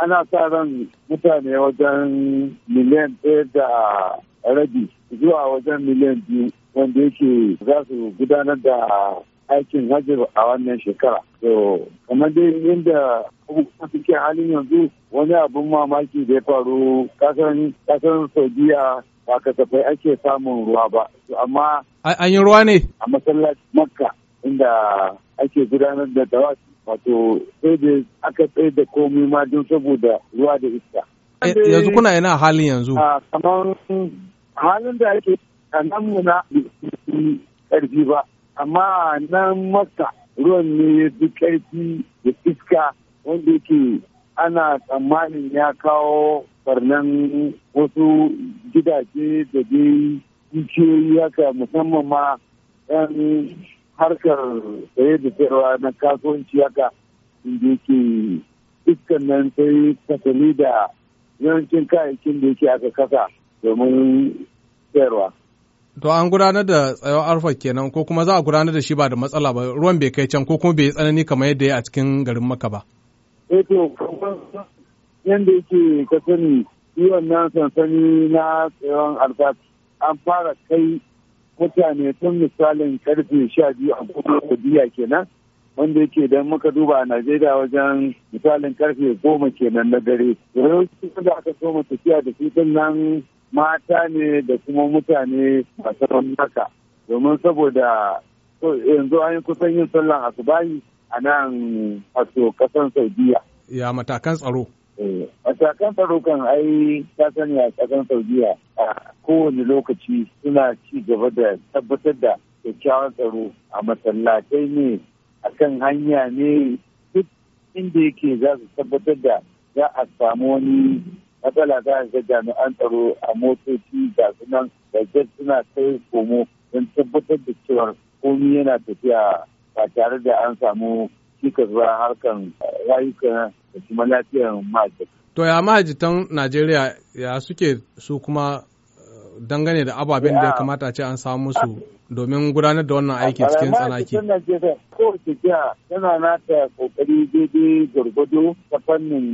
ana sa ran mutane wajen miliyan ɗaya da rabi zuwa wajen miliyan biyu wanda yake za su gudanar da aikin hajjar a wannan shekara. to kamar dai inda abubuwa suke halin yanzu wani abin mamaki da ya faru kasar Saudiya ba kasafai ake samun ruwa ba. Amma an yi ruwa ne? A masallaci Makka inda ake gudanar da dawaki wato sai da aka tsaye da komai ma don saboda ruwa da iska. Eh, yanzu kuna yana halin yanzu? Ah, Kamar halin da ake nan muna ƙarfi ba, amma nan maka ruwan ne ya fi ƙarfi da iska wanda yake ana tsammanin ya kawo barnan wasu gidaje da dai dukiyoyi haka musamman ma 'yan harkar saye da sayarwa na kasuwanci haka inda yake iskan nan sai kasali da yawancin kayayyakin da yake aka kasa domin sayarwa. To an gudanar da tsayon arfa kenan ko kuma za a gudanar da shi ba da matsala ba ruwan bai kai can ko kuma bai tsanani kamar yadda ya a cikin garin maka ba. Eto, eh yadda yake ka sani yi wannan sansani na tsayon arfa an fara kai mutane tun misalin karfe sha biyu a kudu biya kenan wanda yake idan muka duba a Najeriya wajen misalin karfe goma kenan na dare. Yawanci da aka soma tafiya da su nan mata ne da kuma mutane masu haka. Domin saboda yanzu an yi kusan yin sallan asubahi a nan a so kasan Saudiya. Ya matakan tsaro. Eh, matakan tsaro kan ai ta sani a kasan Saudiya kowane lokaci suna ci gaba da tabbatar da kyakkyawan tsaro a masallatai ne a kan hanya ne duk inda yake za su tabbatar da za a samu wani matsala za a ga jami'an tsaro a motoci ga sunan da suna kai komo don tabbatar da cewa komi yana tafiya ba tare da an samu cikas ba harkan eh, rayuka da kuma lafiyar ma'aikata. To ya ma'aikatan Najeriya ya suke su kuma dangane da ababen da ya kamata a ce an samu musu domin gudanar da wannan aiki cikin tsanaki. Kowace jiha tana nata kokari daidai gurgudu ta fannin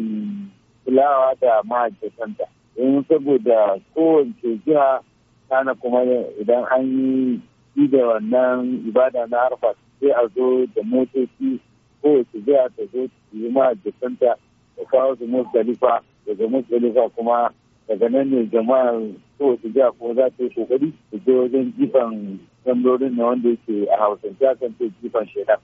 kulawa da ma'aikatanta. Domin saboda kowace jiha tana kuma idan an yi yi da wannan ibada na harfa sai a zo da motoci kowace jiha ta zo yi ma'aikatanta da kawo su da daga musdalifa kuma daga nan ne jama'a kowace jiha kuma za ta yi kokari su je wajen jifan tambarorin na wanda yake a hausance kan ce jifan shaidan.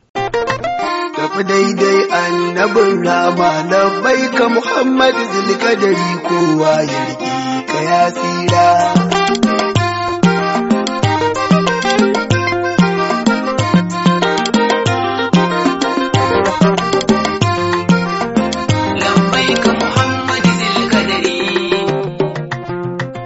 tafi daidai annabin rama na baika muhammad zulkadari kowa ya riƙe ka ya tsira.